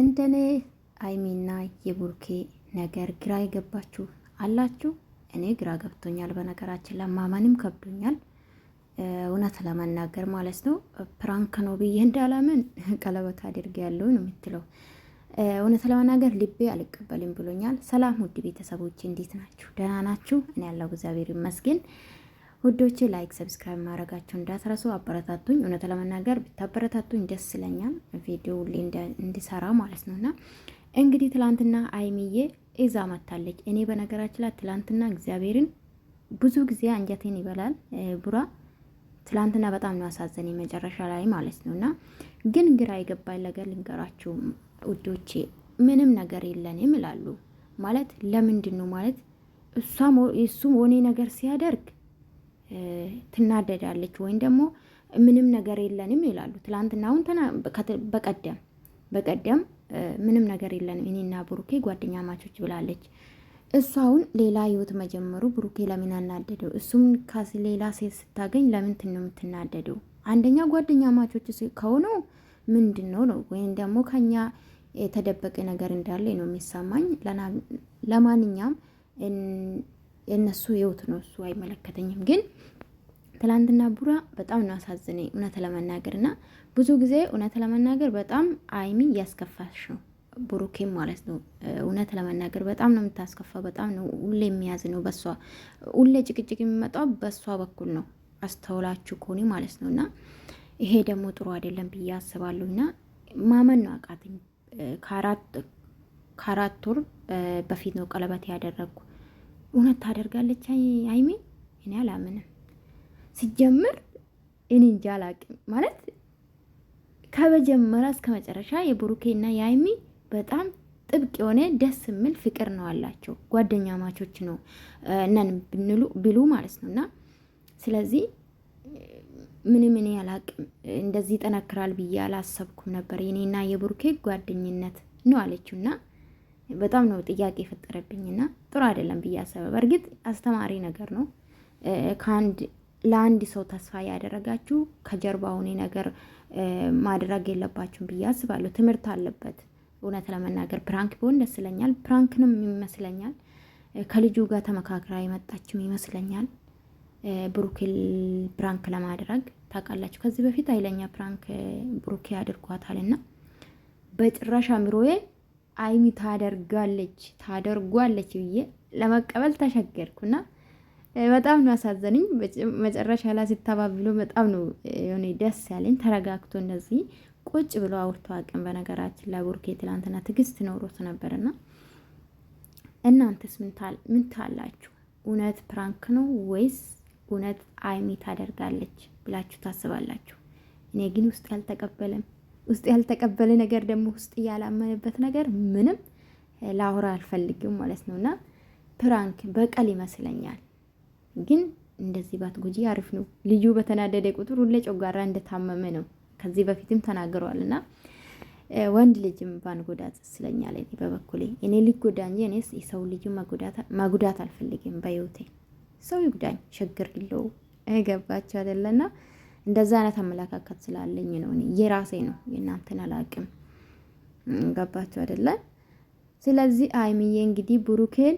እንደኔ አይሚና የቡርኬ ነገር ግራ የገባችሁ አላችሁ? እኔ ግራ ገብቶኛል። በነገራችን ለማመንም ከብዶኛል፣ እውነት ለመናገር ማለት ነው። ፕራንክ ነው ብዬ እንዳላምን ቀለበት አድርግ ያለው ነው የምትለው። እውነት ለመናገር ልቤ አልቀበልም ብሎኛል። ሰላም ውድ ቤተሰቦች፣ እንዴት ናችሁ? ደህና ናችሁ? እኔ ያለው እግዚአብሔር ይመስገን። ውዶቼ ላይክ ሰብስክራይብ ማድረጋቸው እንዳትረሱ። አበረታቱኝ። እውነት ለመናገር ብታበረታቱኝ ደስ ይለኛል፣ ቪዲዮ እንዲሰራ ማለት ነው። እና እንግዲህ ትላንትና አይሚዬ እዛ መታለች። እኔ በነገራችን ላይ ትላንትና እግዚአብሔርን ብዙ ጊዜ አንጀቴን ይበላል ቡራ። ትላንትና በጣም ነው አሳዘን የመጨረሻ ላይ ማለት ነው። እና ግን ግራ የገባኝ ነገር ልንገራችሁ ውዶቼ፣ ምንም ነገር የለንም ይላሉ ማለት ለምንድን ነው ማለት እሷም እሱም ሆኔ ነገር ሲያደርግ ትናደዳለች ወይም ደግሞ ምንም ነገር የለንም ይላሉ። ትላንትና አሁን በቀደም በቀደም ምንም ነገር የለንም እኔና ብሩኬ ጓደኛ ማቾች ብላለች። እሱ አሁን ሌላ ህይወት መጀመሩ ብሩኬ ለምን አናደደው? እሱም ሌላ ሴት ስታገኝ ለምን ነው የምትናደደው? አንደኛ ጓደኛ ማቾች ከሆነው ምንድን ነው ነው ወይም ደግሞ ከኛ የተደበቀ ነገር እንዳለ ነው የሚሰማኝ። ለማንኛውም የእነሱ ህይወት ነው፣ እሱ አይመለከተኝም። ግን ትላንትና ቡራ በጣም ነው አሳዝነኝ እውነት ለመናገር እና ብዙ ጊዜ እውነት ለመናገር በጣም አይሚ እያስከፋሽ ነው ብሩኬም ማለት ነው። እውነት ለመናገር በጣም ነው የምታስከፋው። በጣም ነው ሁሌ የሚያዝ ነው በሷ ሁሌ ጭቅጭቅ የሚመጣው በሷ በኩል ነው አስተውላችሁ ከሆነ ማለት ነው። እና ይሄ ደግሞ ጥሩ አይደለም ብዬ አስባለሁ። እና ማመን ነው አቃትኝ። ከአራት ወር በፊት ነው ቀለበት ያደረግኩ እውነት ታደርጋለች አይሚ? እኔ አላምንም። ሲጀምር እኔ እንጂ አላቅም ማለት ከመጀመሪያ እስከ መጨረሻ የብሩኬና የአይሚ በጣም ጥብቅ የሆነ ደስ የሚል ፍቅር ነው አላቸው። ጓደኛ ማቾች ነው እነን ብንሉ ብሉ ማለት ነው እና ስለዚህ ምንም እኔ አላቅም እንደዚህ ይጠነክራል ብዬ አላሰብኩም ነበር። የኔና የብሩኬ ጓደኝነት ነው አለችው እና በጣም ነው ጥያቄ የፈጠረብኝና ጥሩ አይደለም ብዬ አሰበ። በእርግጥ አስተማሪ ነገር ነው። ከአንድ ለአንድ ሰው ተስፋ ያደረጋችሁ ከጀርባ ሁኔ ነገር ማድረግ የለባችሁም ብዬ አስባለሁ። ትምህርት አለበት። እውነት ለመናገር ፕራንክ ቢሆን ደስ ይለኛል። ፕራንክንም ይመስለኛል ከልጁ ጋር ተመካክራ የመጣችም ይመስለኛል ብሩኬል ፕራንክ ለማድረግ ታውቃላችሁ። ከዚህ በፊት ኃይለኛ ፕራንክ ብሩኬ አድርጓታልና በጭራሽ አምሮዬ አይሚ ታደርጋለች ታደርጓለች ብዬ ለመቀበል ተሸገርኩና በጣም ነው አሳዘነኝ። መጨረሻ ላይ ሲተባብሎ በጣም ነው የሆነ ደስ ያለኝ። ተረጋግቶ እንደዚህ ቁጭ ብሎ አውርቶ አቅም በነገራችን ላይ ቡርኬ ትላንትና ትግስት ኖሮት ነበርና እናንተስ ምን ታላችሁ? እውነት ፕራንክ ነው ወይስ እውነት አይሚ ታደርጋለች ብላችሁ ታስባላችሁ? እኔ ግን ውስጥ ያልተቀበለም ውስጥ ያልተቀበለ ነገር ደግሞ ውስጥ ያላመነበት ነገር ምንም ላውራ አልፈልግም ማለት ነው። እና ፕራንክ በቀል ይመስለኛል፣ ግን እንደዚህ ባትጎጂ አሪፍ ነው። ልዩ በተናደደ ቁጥር ሁሌ ጨጓራ እንደታመመ ነው። ከዚህ በፊትም ተናግረዋል እና ወንድ ልጅም ባንጎዳት ስለኛል። እኔ በበኩሌ እኔ ሊጎዳ እንጂ እኔ የሰው ልጅ ማጉዳት አልፈልግም። በህይወቴ ሰው ይጉዳኝ ችግር የለውም። ገባቸው አይደለና እንደዛ አይነት አመለካከት ስላለኝ ነው። እኔ የራሴ ነው፣ የእናንተን አላቅም ገባችሁ አይደለ? ስለዚህ አይምዬ እንግዲህ ብሩኬን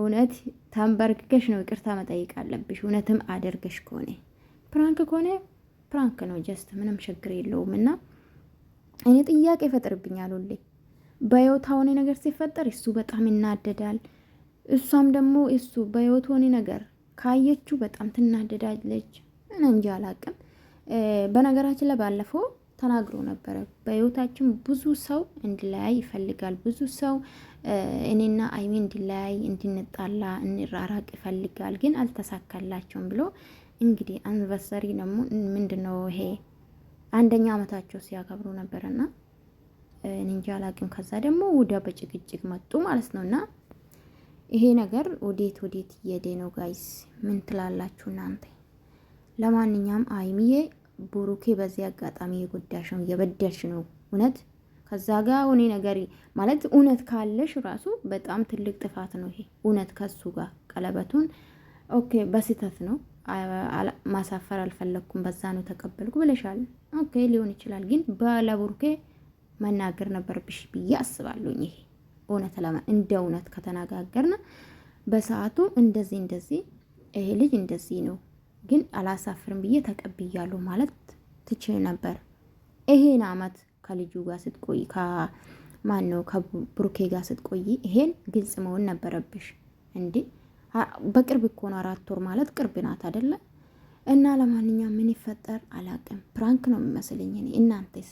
እውነት ተንበርክከሽ ነው ይቅርታ መጠየቅ አለብሽ። እውነትም አደርገሽ ከሆነ ፕራንክ ከሆነ ፕራንክ ነው፣ ጀስት ምንም ችግር የለውም። እና እኔ ጥያቄ ይፈጥርብኛል ሁሌ በህይወት ሆነ ነገር ሲፈጠር እሱ በጣም ይናደዳል። እሷም ደግሞ እሱ በህይወት ሆነ ነገር ካየችው በጣም ትናደዳለች። እኔ እንጂ አላቅም። በነገራችን ላይ ባለፈው ተናግሮ ነበረ። በህይወታችን ብዙ ሰው እንዲለያይ ይፈልጋል። ብዙ ሰው እኔና አይሚ እንዲለያይ፣ እንድንጣላ፣ እንራራቅ ይፈልጋል። ግን አልተሳካላቸውም ብሎ እንግዲህ አንቨርሰሪ ደግሞ ምንድን ነው ይሄ አንደኛ አመታቸው ሲያከብሩ ነበረና እንጃ አላቅም። ከዛ ደግሞ ወዲያ በጭቅጭቅ መጡ ማለት ነው። እና ይሄ ነገር ወዴት ወዴት እየሄደ ነው ጋይስ? ምን ትላላችሁ እናንተ? ለማንኛውም አይሚዬ ቡሩኬ በዚህ አጋጣሚ የጎዳሽ ነው የበደልሽ ነው እውነት። ከዛ ጋር እኔ ነገር ማለት እውነት ካለሽ ራሱ በጣም ትልቅ ጥፋት ነው ይሄ እውነት። ከሱ ጋር ቀለበቱን ኦኬ፣ በስህተት ነው ማሳፈር አልፈለግኩም፣ በዛ ነው ተቀበልኩ ብለሻል። ኦኬ ሊሆን ይችላል፣ ግን ባለብሩኬ መናገር ነበርብሽ ብዬ አስባለሁ ይሄ እውነት ለማ እንደ እውነት ከተነጋገርን በሰዓቱ እንደዚህ እንደዚህ ይሄ ልጅ እንደዚህ ነው ግን አላሳፍርም ብዬ ተቀብያለሁ ማለት ትችል ነበር። ይሄን አመት ከልጁ ጋር ስትቆይ ማን ነው ከብሩኬ ጋር ስትቆይ ይሄን ግልጽ መሆን ነበረብሽ እንዴ! በቅርብ እኮ ነው። አራት ወር ማለት ቅርብ ናት አይደለ? እና ለማንኛውም ምን ይፈጠር አላቅም። ፕራንክ ነው የሚመስልኝ እኔ። እናንተስ?